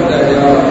问大家了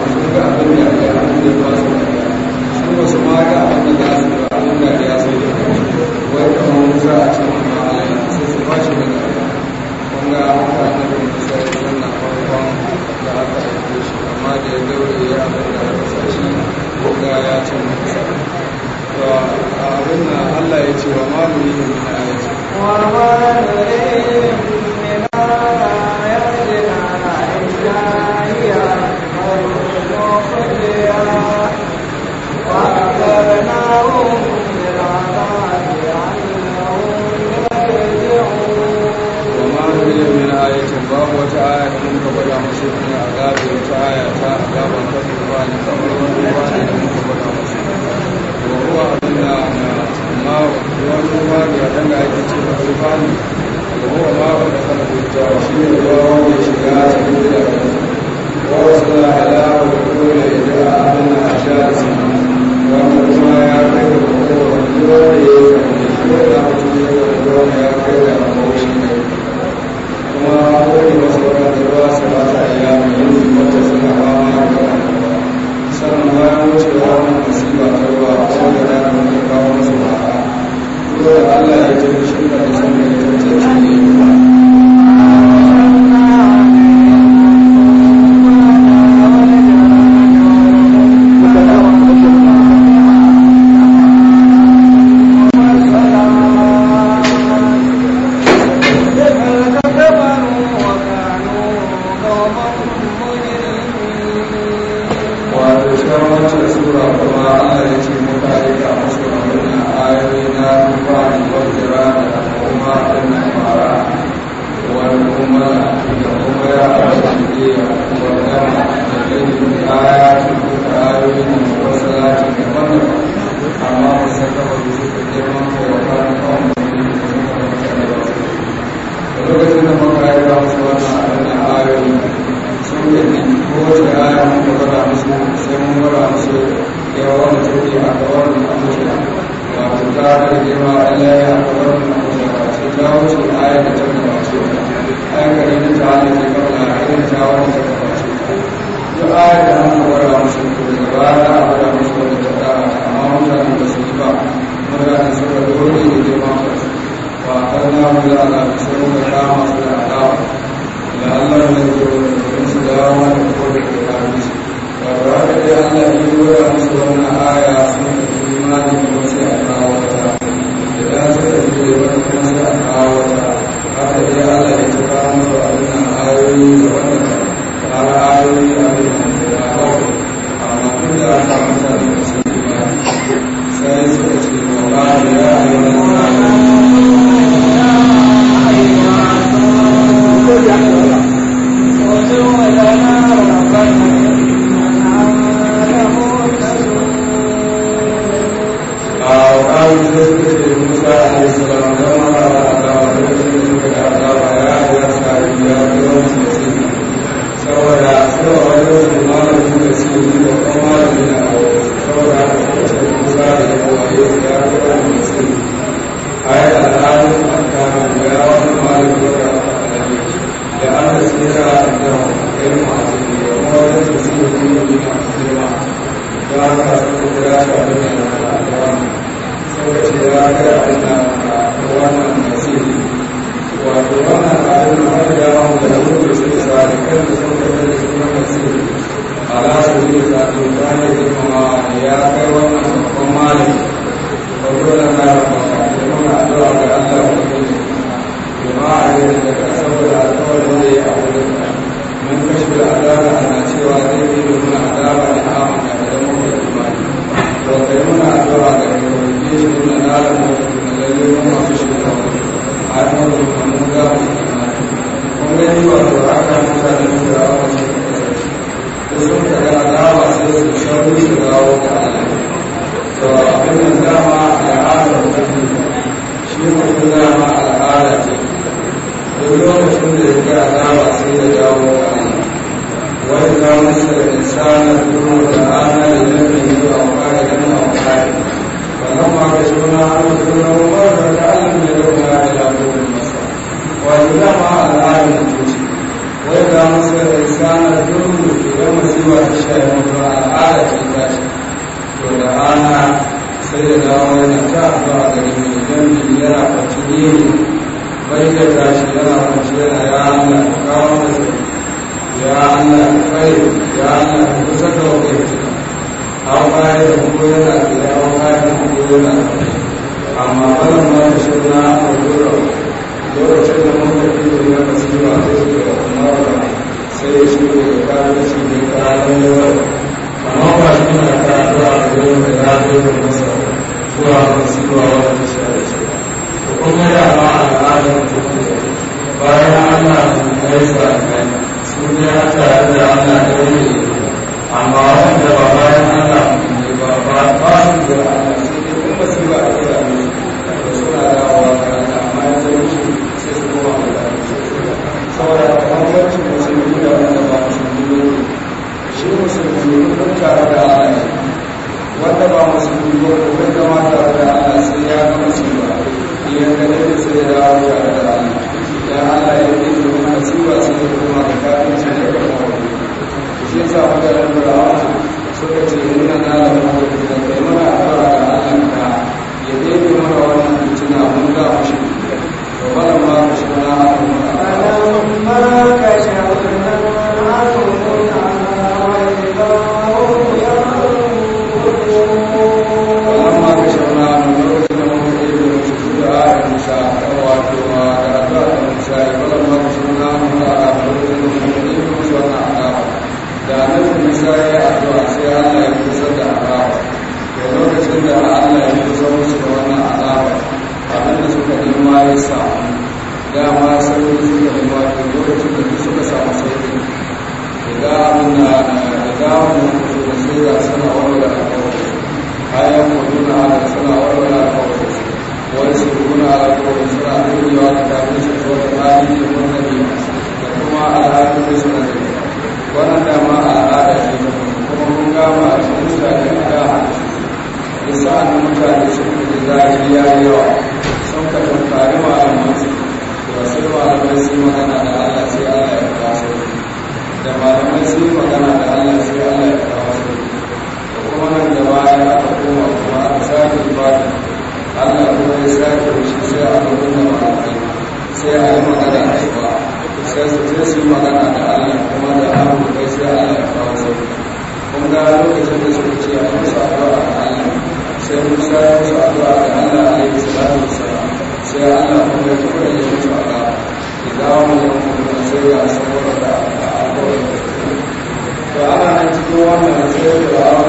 Thank you.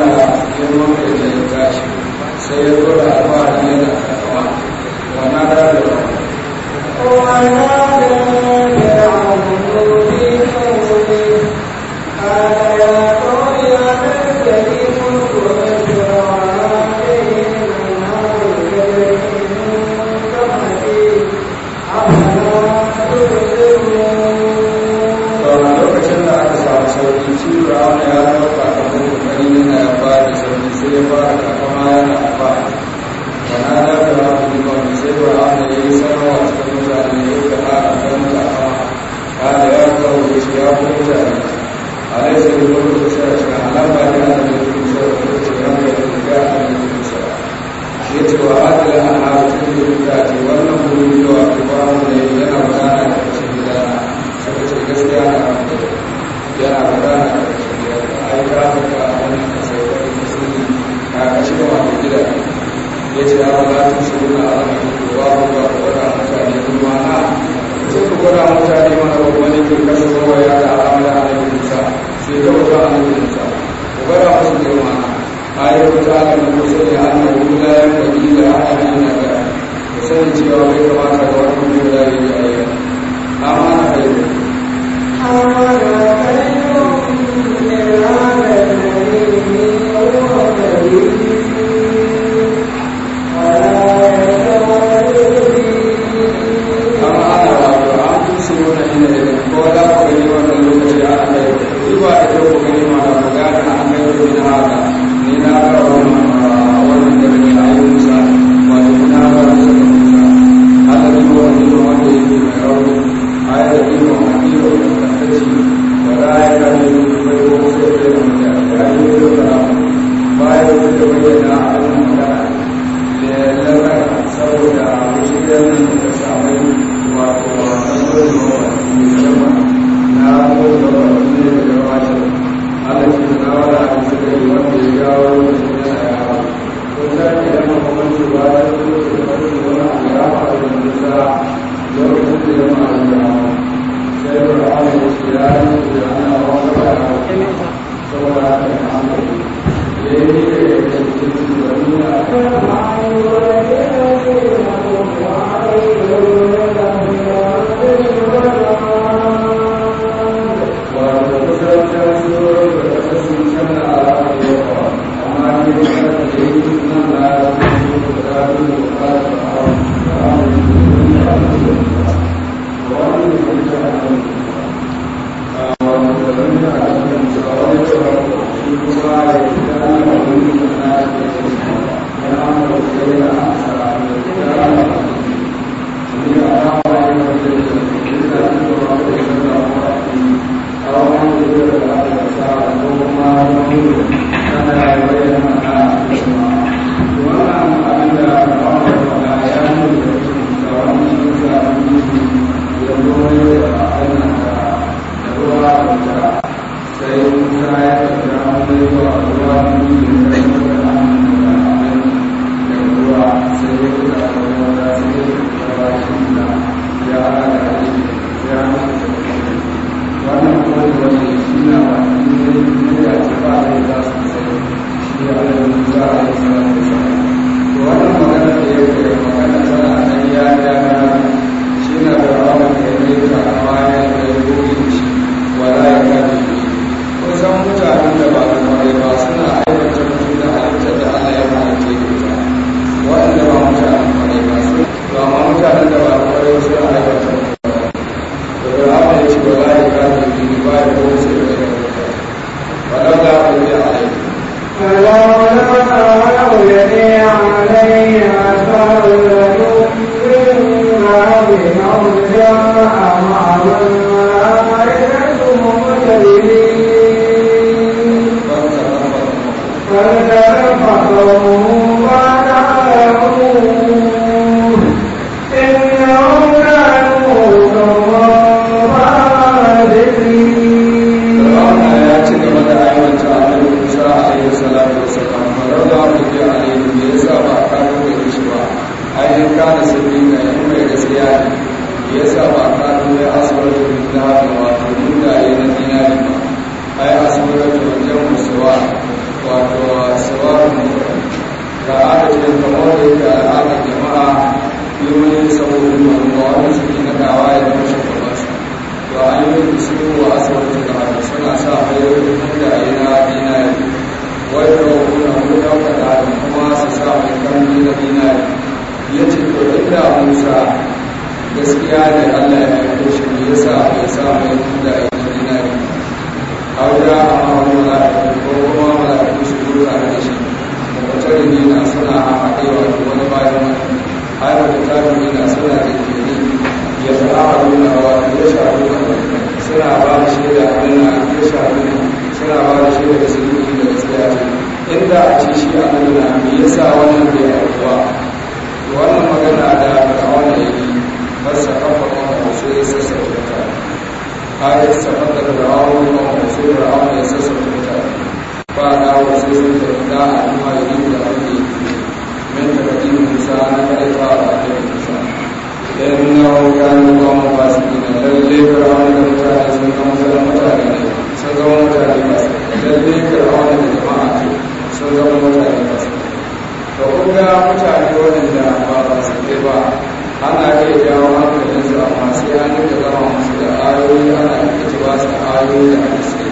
ganin da zama musu da ayoyi ana rikici ba su ayoyi da aka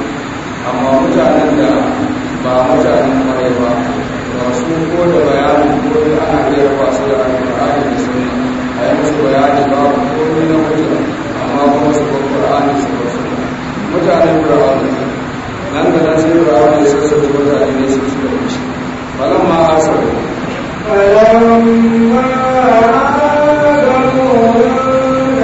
amma mutanen da ba mutanen kwarai ba ba su ko da bayanin ko da ana biyar ba su da alƙur'ani da sunna a yi musu bayani ba ko na hujja amma kuma su ba ƙur'ani su ba sunna mutanen fir'auna nan da nan sai fir'auna ya sassauta mutane ne su ci da wuce falamma asabu falamma asabu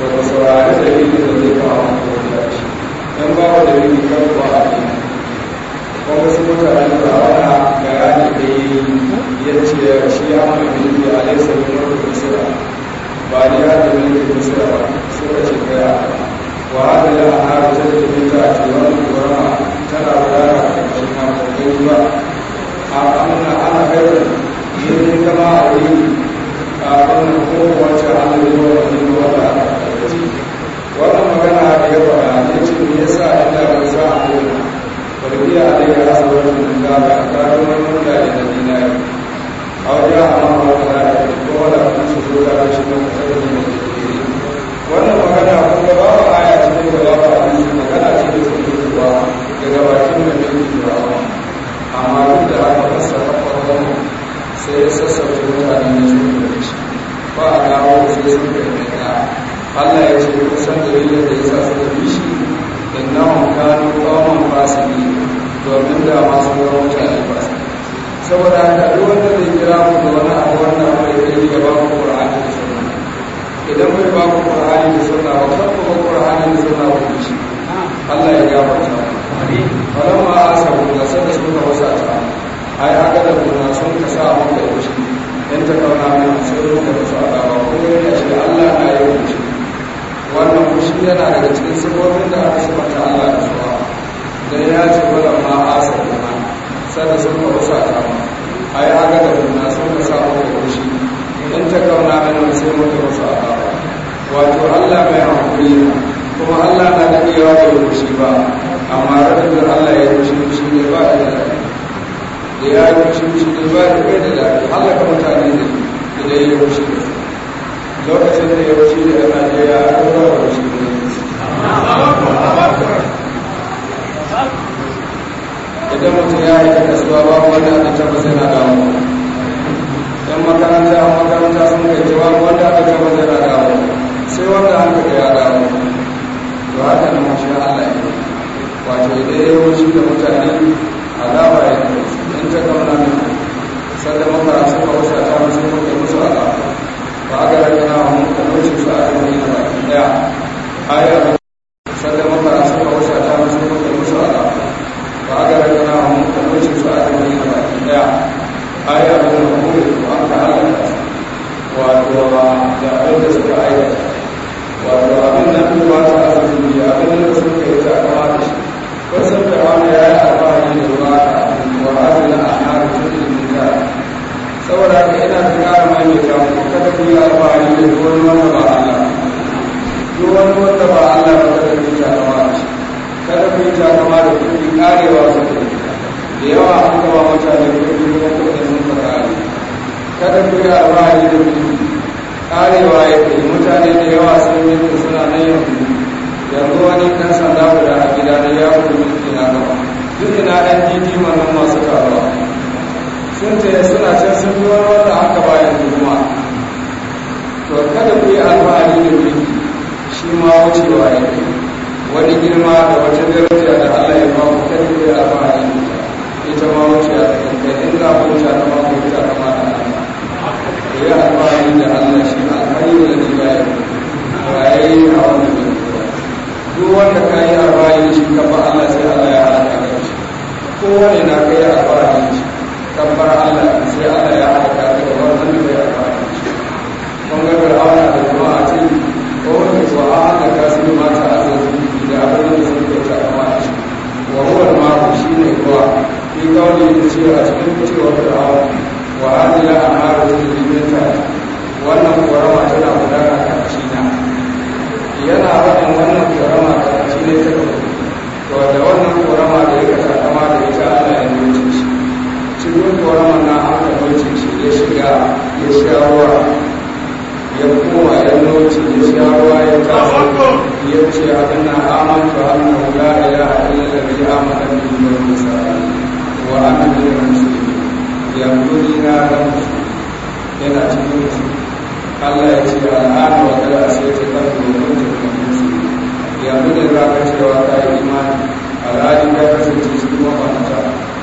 ba ka saurari da yi da zai kawo maka wani don ba ka da yi kan ba a yi ko wasu mutane ba wani bayani da yi ya ce shi ya mai mulki a laisa yi mulki misira ba ni ya da mulki misira ba ka ce kaya wa hada da a ta da ta ta ce wani gwarama tana gudana a ƙarshen hankali ba a amina ana gairar yin kama a yi a wannan kowace hannun yau da yau wannan magana da ya ne yi a wannan duk wanda ka yi alfahari shi kafa Allah sai Allah ya halaka ka shi kowane na ka yi alfahari shi kafar Allah sai Allah ya halaka ka da wannan da ya alfahari shi kun ga fir'auna da jama'a ce ko wanda su a halaka su mata azazu da abin da sun ke ta kama shi wa huwa al-ma'u shine ruwa fi kawai da cewa cikin cewa fir'auna wa hadhihi al-amaru tajri min tahtiha wannan kuwa rawa yana wannan wannan korama karatu ne ta gaba to da wannan korama da ya kasa kama da ita ana yin mutum shi cikin koraman na aka mutum shi ya shiga ya sha ruwa ya koma ya noci ya sha ruwa ya kasa ya ce abin na amintu annahu la ilaha illa bi amana bihi wa musala wa ana min muslimin ya kudi na ran yana cikin musulmi Allah ya ce al'ana wa kada a sai ta domin ta kansu yanzu da za ka cewa ta yi imani al'adun ya kasance cikin mafarta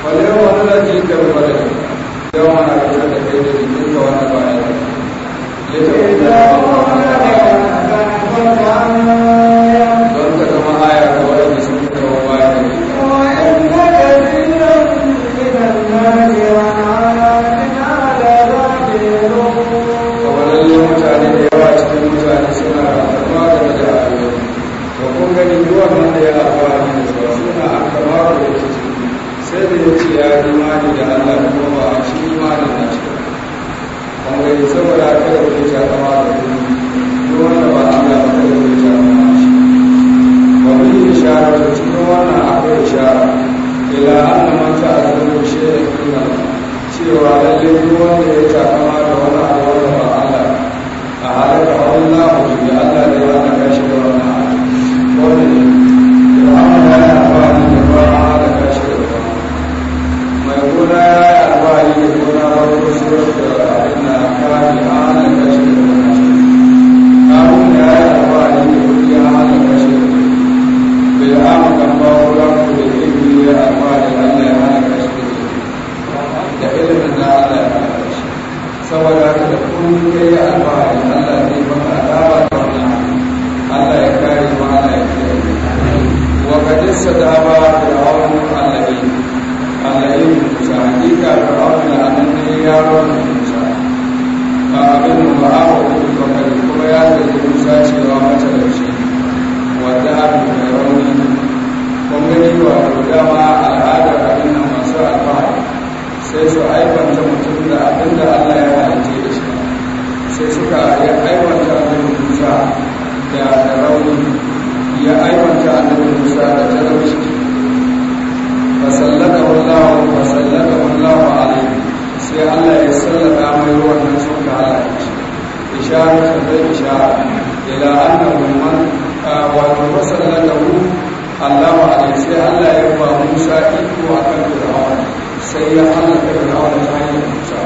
wani yawan wani lafi ka rufa da kai yawan wani abin da kai da jikin ka wani baya da ya ce wani da don ka zama aya da mutane suna da da rayuwa ba kun gani duwan wanda ya amfani da ila annahu man wato da lahu Allah wa alaihi sai Allah ya ba Musa iko kan Fir'aun sai ya hana Fir'aun ta hanyar Musa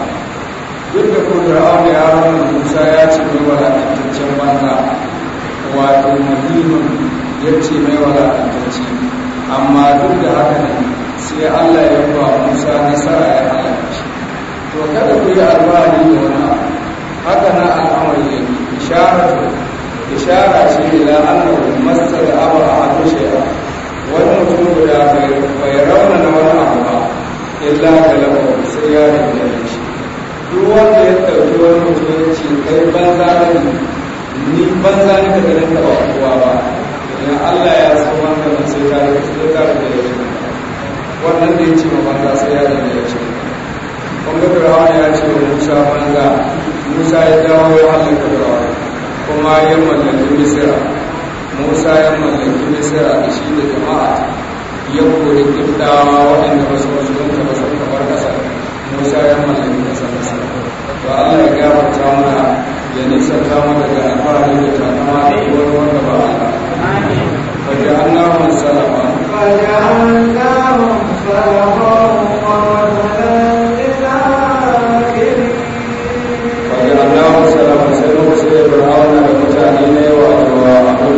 duk da kuma Fir'aun ya hana Musa ya ce mai walakantaccen banza wato muhimmin ya ce mai walakantacce amma duk da haka ne sai Allah ya ba Musa nasara ya hana shi to kada ku yi alfahari da wani haka na al'amari ne isharar ishara ce ila annahu masa abu a hadu shay'a wani mutum guda bai rauna na wani abu ba illa galabar sai ya rinjaye shi duk wanda ya ɗauki wani mutum ya ce kai banza da ni ni banza ni daga nan taɓa kowa ba Ina Allah ya san wanda mun sai ta rika sai ta rika da shi wannan da ya ce ma banza sai ya rinjaye shi da Firawa ya ce wa Musa banza Musa ya dawo ya da Firawa kuma ya mallaki misira musa ya mallaki misira da shi da jama'a ya kori kiftawa waɗanda ba su musulunta ba sun kamar ƙasa musa ya mallaki ƙasa ƙasa to allah ya gafarta mana ya nisanta mu daga alfahari da takama da wani wanda ba allah فجعلناهم سلفا فجعلناهم سلفا စေဘုရားနာမကြာနေဝါတော်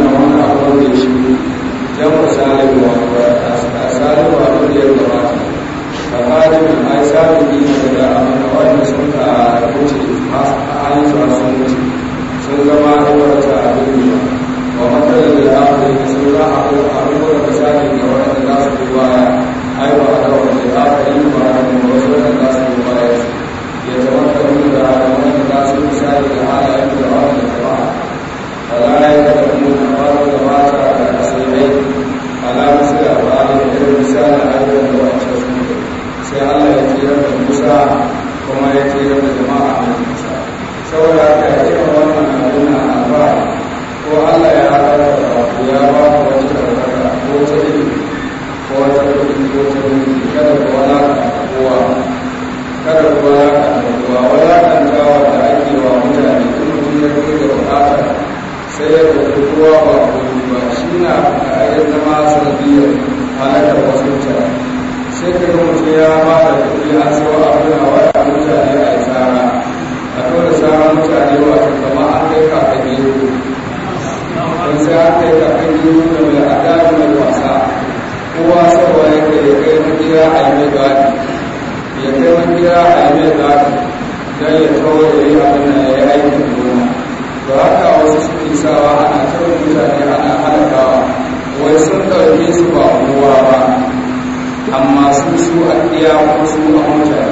a iya wasu a mota da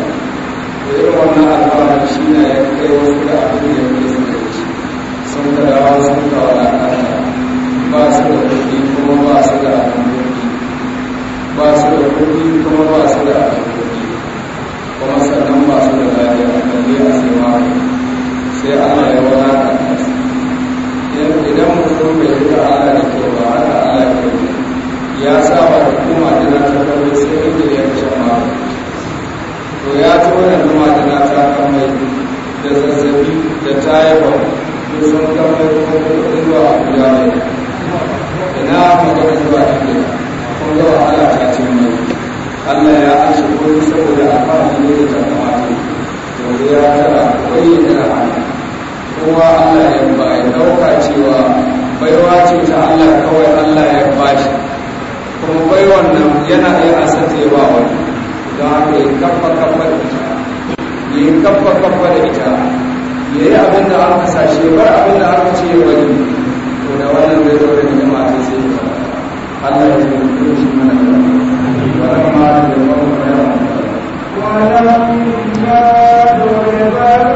irin wannan alfahar shi ne ya kai wasu da abin da ya kai su kai shi sun ka dawa sun ka wadata ba su da kuɗi kuma ba su da abin kuɗi ba su da kuɗi kuma ba su da abin kuɗi kuma sannan ba su da lafiya a kalli a sai ma sai Allah ya wadata idan mutum bai yi ala da kyau ba ana ala kyau ya saba da kuma da na takamai sai inda ya kashe mara to ya ci wannan kuma da na mai, da zazzabi da tayawa da sun kamar kuma da zuwa a ne da na magana zuwa inda kun ga ala ta ce mai Allah ya ashe kuma saboda a fara ne da takama da yanzu ya tara kwaye da na ra'ayi kowa Allah ya ba ya dauka cewa baiwa ce ta Allah kawai Allah ya bashi kuma bai wannan yana iya asantewa wani don haka yi kafa kafa da ita yi kafa kafa da ita ya yi abin aka sashe bar abin da aka ce wani to da wannan zai zo da jama'a ta sai ya Allah ya zai kuma shi mana da wani ma da wani ba da wani ma da wani ma da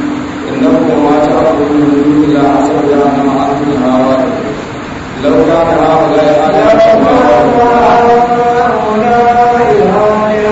إنه ما تأخذ من إلا حسب جهنم عنها واحد لو كان هؤلاء على شباب هؤلاء هؤلاء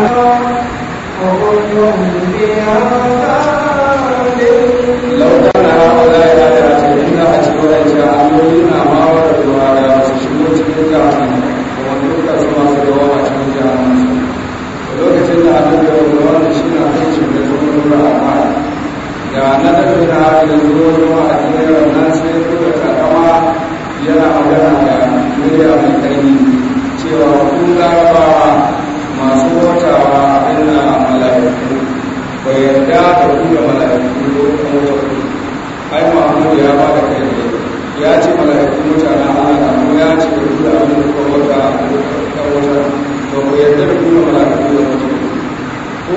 malam dole ma a cikin cewa kun larabawa masu a wata ba ku yarda da ku da mala'iku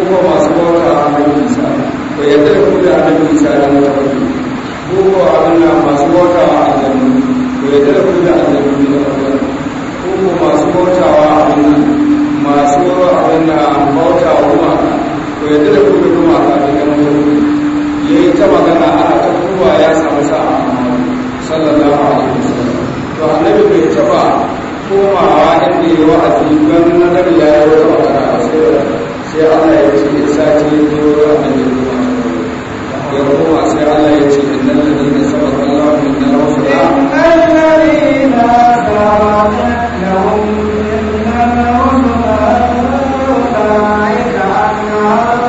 da masu bauta a bai yadda da kuma da annabi isa da mafarki ko ko masu bautawa a jannu bai yadda da da annabi ko masu bautawa a jannu masu bautawa kuma bai yadda da kuma da kuma a da ya yi ta magana ana ta ya samu sa'a sallallahu alaihi wasallam to annabi bai taba komawa inda ya wa'azi ban na ya yi wata magana a sai da sai Allah ya ce in sati ya biyo ya annabi kuma ya kuma sai Allah ya ce innal ladina sabaqa Allahu minna rasula innal ladina sabaqa lahum minna rasula ulaika anhum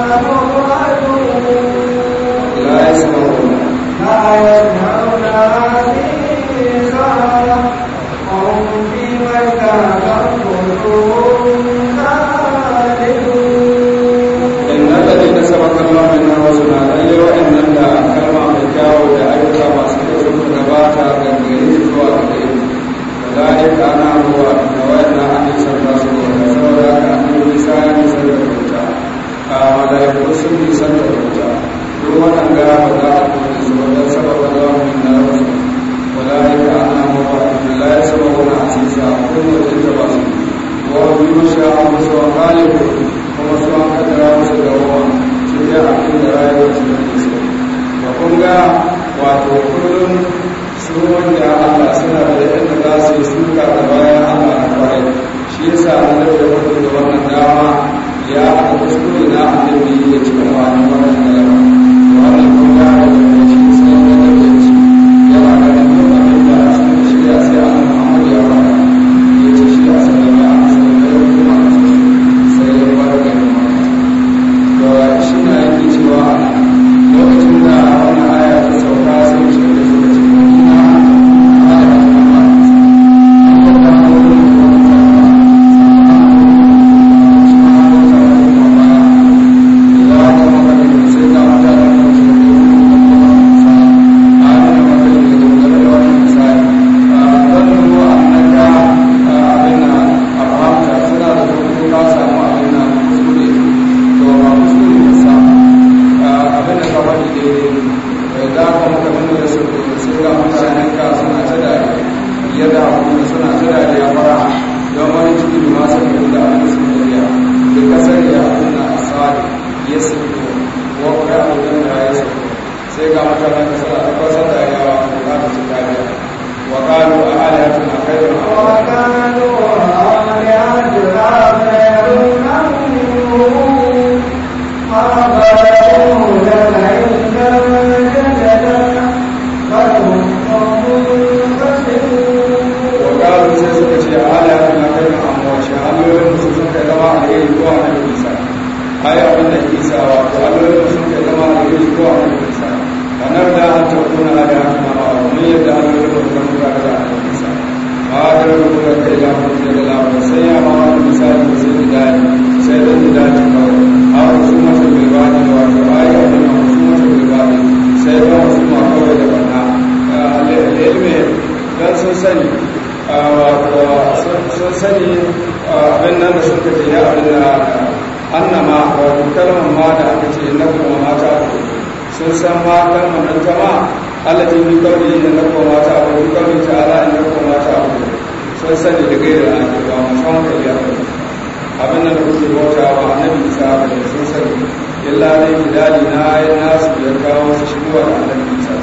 illa dai bidali na ya nasu ya kawo su shigo da annabi Isa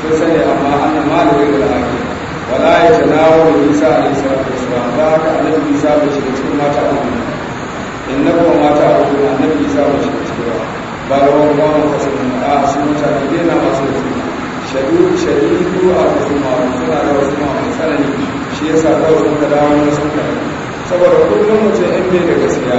sun sani amma annan ma da ake wala ya tanawo da Isa alaihi salatu wasalam ba haka annabi Isa bai shiga cikin mata a wuri inna kuma mata a wuri annabi Isa bai shiga cikin ba ba da wani ba mu kasu a sun mutane dai na masu da suna shadu shadu a wasu ma suna da wasu ma mai tsanani shi yasa kawai sun ka dawo na sun ka saboda kullum mutum in bai da gaskiya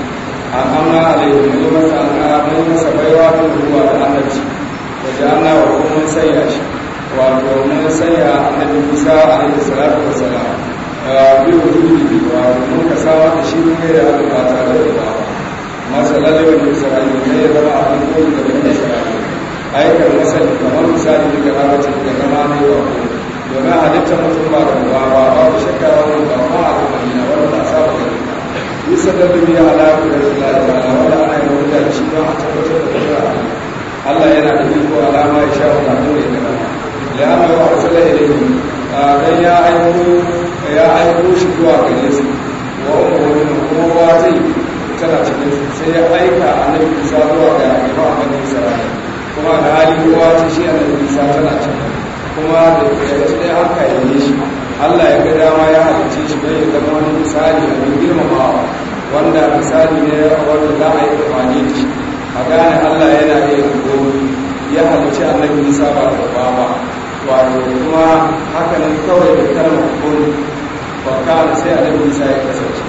an amna alaihi mu masa an mun masa baiwa da ruwa da annabci da jana wa mun sanya shi wato mun sanya annabi Musa alaihi salatu wassalam bi wujudi wa mun ka sama da shi ne da ba tare da ba masalala wa Isra'ila ne ya zama abin koyi da bin Isra'ila aikar masali kamar misali da karamacin da kama ne wa domin halittar mutum ba da ruwa ba babu shakka wani ba ma a kuma nuna wani ba sa ba sababin da duniya da shi lalata wanda ana yi wani shi don a tabbatar da kudura Allah yana da iko alama ya sha wata dole da kama ya amma ya wasu lahirin dan ya aiko ya aiko shi zuwa gare su wa wani kuma ba zai tana cikin su sai ya aika annabi isa zuwa ga jama'a bani isra'ila kuma da hali kowa ce shi annabi isa tana cikin kuma da ya tsaye haka ya yi shi Allah ya ga dama ya halicci shi bai zama wani misali da mai girmamawa wanda misali ne wanda za a yi amfani da shi a gane Allah yana iya gobe ya halicci annabi Isa ba da ba ba wato kuma haka nan kawai da kalmar gobe ba kana sai annabi Isa ya kasance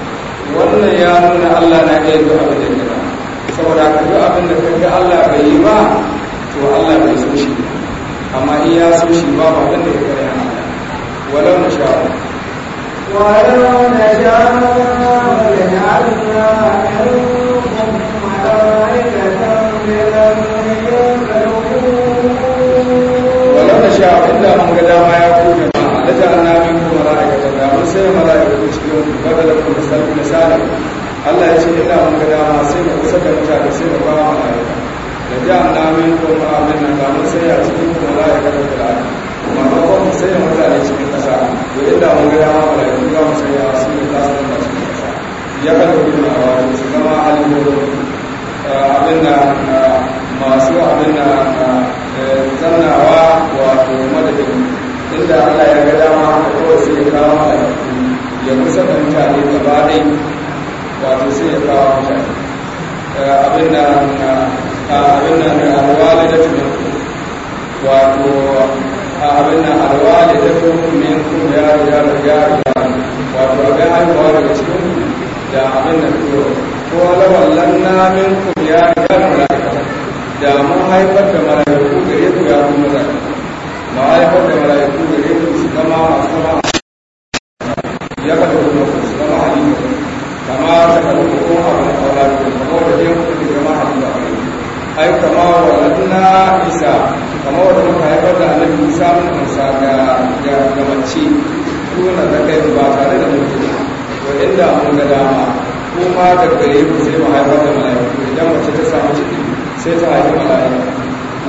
wannan ya nuna Allah na ga duk abin da ba saboda ka yi abin da kanka Allah bai yi ba to Allah bai so shi amma in ya so shi ba ba abin da ya kare ولو نشاء ولو نشاء لجعلنا منكم ملائكة Allah ya ce ina mun ga dama sai mu saka mutane sai mu ba malaika da ja na min ko ma min da mun sai a cikin malaika da kula amma ba mu sai mutane cikin to inda mun ga dama ba da sanya su su ya ka dauki na su alimodo da masu abin eh, zannawa wato madadin inda Allah ya ga dama ya kawo ya kusa da mutane gaba wato ya kawo mutane eh, alwalidatu wato abin nan arwa da dabbar min kuma yaro yaro ya yaro wato abin haihuwa daga cikin da abin nan kuma ko lawallan na min ya yaro yaro mala'ika da mun haifar da mala'iku da ku ya kuma maza ma haifar da mala'iku da ku su zama masu zama ya kada kuma su zama halima kama ta kada ko abu na kawai da kuma da yin kuma da zama halima ai kama wa lalna isa kama wa da annabi isa mun amsa ga ga mace dole da kai ba tare da mutum wa inda mun ga dama ko ma da gare ku sai mu haifar da mala'iku idan mace ta samu ciki sai ta haifi mala'iku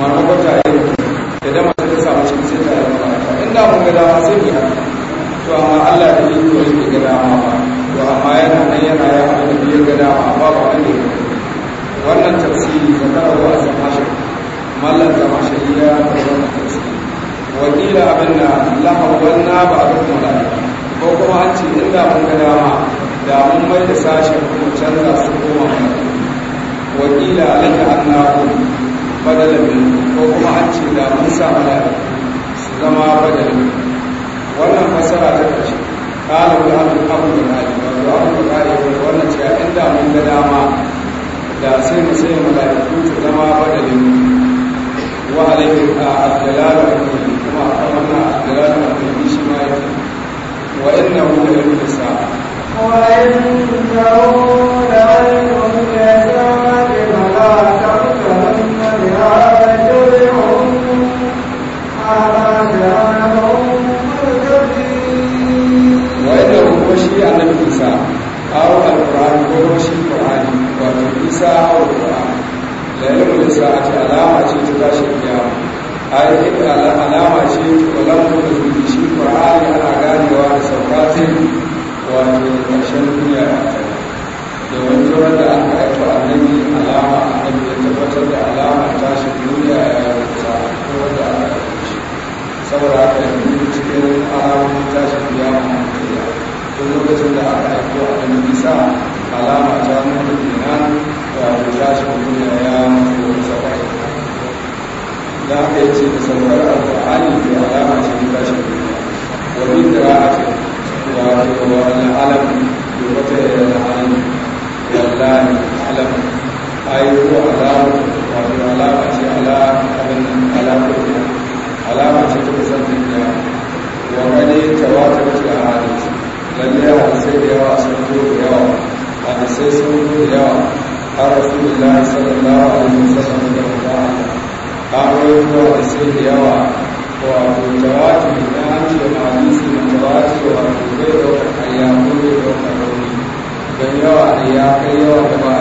maimakon ta yi idan mace ta samu ciki sai ta haifi mala'iku inda mun ga dama sai mu haifa to amma Allah da yi ko yake ga dama ba to amma yana nan yana ya abin da biyar ga dama amma ba wanda ya wannan tafsiri da kawo a mallan samashin ya da wakila abin da lahawar na ba a rukun da ko kuma an ce inda mun ga dama da mun mai da sashen kuma canza su koma wakila alaka an na kun badalin ko kuma an ce da mun sa malaka su zama badalin wannan fasara ta ƙarshe kala da abu abu da nari wato abu da nari wani wannan cewa inda mun ga dama da sai mu sai mala'iku su zama badalin wa alaikum a abdalala وإنه لعلم الساعة Ayyukan alama ce ta tashi biya, ayyukan alama ce ta lamurin alƙur'ani ana ganewa da saukatin wato ƙarshen duniya a kai wani zuwa da aka haifa annabi alama annabi ya tabbatar da alama tashin duniya ya yi kusa zuwa da aka haifa saboda aka yi cikin alamomin tashin duniya a hankali tun lokacin da aka haifa annabi isa alama ta nuna kenan wato tashin duniya ya mutu kusa da aka yi ce da saukar alƙur'ani da alama ce ta tashin duniya وفي قراءة والعلم لغة العلم واللام علم أي هو علام وفي علامة على من على علامة تقصد الدنيا وقد تواترت الأحاديث lalle hadisai da yawa sun zo da yawa hadisai sun zo da yawa har rasulullah sallallahu alaihi wasallam da Allah an da yawa والأنيس والنبات والغير والحياة والرومي بنيوة أياك يوم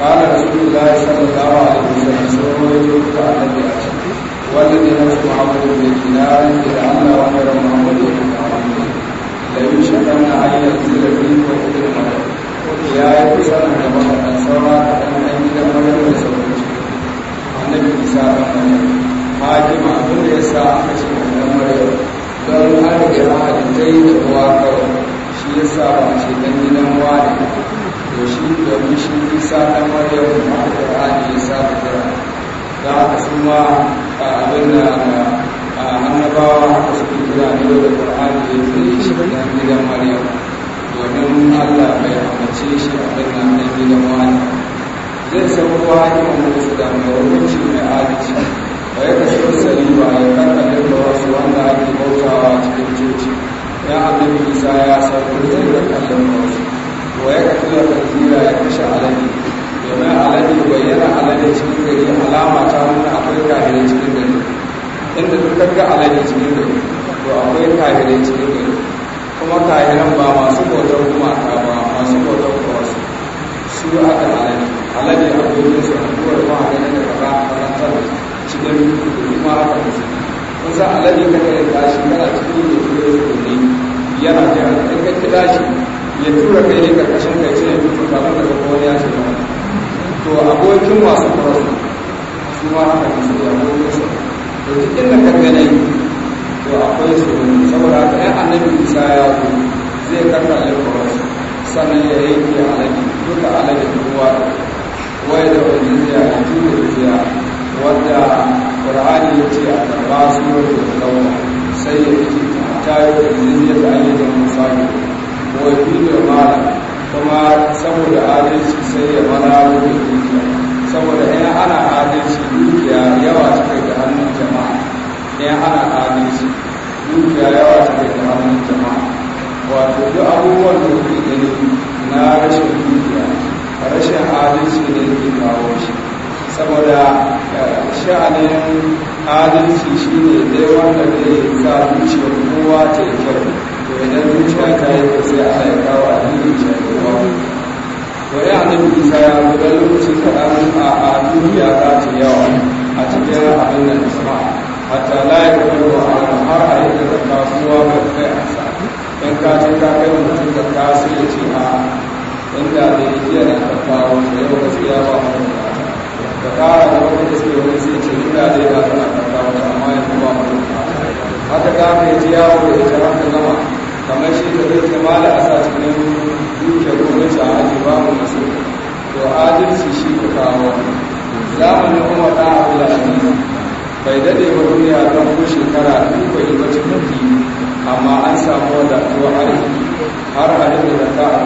قال رسول الله صلى الله عليه وسلم سوره يوسف على البيت والذي نفس محمد بن دينار لأن غير محمد بن محمد ليشهدن أن ينزل فيه وقت المغرب يا يوسف أن محمد سوى أن أنزل المغرب وسوره annabi isa a hannun hakima abin da ya sa aka ce wannan maryam don haka ya halittai da uwa kawai shi ya sa ba ce dan gidan wani to shi domin shi isa na maryam ma qur'ani ya saba kira da aka suma ma abin da annabawa aka suke kira ne da qur'ani ya kai shi da gidan maryam domin Allah bai amince shi a wannan dan gidan wani zai sabuwa hakimin musu da mawuci mai adalci ba ya kasu saliba ya kankanin da wasu wanda ake bautawa cikin coci ya annabi isa ya sauko zai kankanin da wasu wa ya kafila da ya kashe alade domin alade bayyana alade cikin gari alama ta nuna akwai kahirai cikin gari inda duk ga alade cikin gari to akwai kahirai cikin gari kuma kahiran ba masu bautar gumaka ba masu bautar kwasu su aka alade alade a gudun su hannuwar ba a ganin da kaza a karantar cikin kuma aka musu kun san alade kada ya tashi kana cikin da kuma yana jihar ɗan ka kira shi ya tura kai ne karkashin kai ce ya ba kafin daga kowane ya ce ba to abokin wasu kwasu su ma haka ne su ya abokin su to duk inda ka gane to akwai su saboda haka ɗan annabi isa ya zo zai karka alkawar sannan ya yi ke alaƙi duka alaƙi ruwa wai da wani zai a da rijiya wanda ƙur'ani ya ce a karɓa su yau da sai ya fito ta yi da jiya zai ta ayyukan musamman wajen mara kuma saboda adalci sai ya mana wajen dukiya saboda in ana adalci dukiya yawa take ga hannun jama'a in ana adalci dukiya yawa take ga hannun jama'a wato duk abubuwan da kuke gani na rashin dukiya rashin adalci ne ke kawo shi saboda eh, sha'anin adalci shi ne dai wanda zai sa zuciyar kowa ta yi kyau idan zuciya ta yi da sai Allah ya kawo addini ta yi wa wa ya annabi Isa ya gudan lokaci kaɗan a a duniya ta yawa a cikin abin nan da sama hatta la ya kawo wa har a yi da kasuwa ga kai a sa in ka ce ka kai mutum da ka sai ya ce a inda da ya iya da kawo da yau gaskiya ba a da kara da wanda suke wani sai ce inda da ya ba kana ka kawo amma yanzu ba mu haka ka mai ciyawo da ita haka zama kamar shi da zai zama da a sa cikin duke gwamnati a aji babu masu to adalci shi ka kawo zamanin kuma ta abu da aziz bai daɗe ba duniya don ko shekara duk bai ba cikin amma an samu wadatuwa arziki har a da ta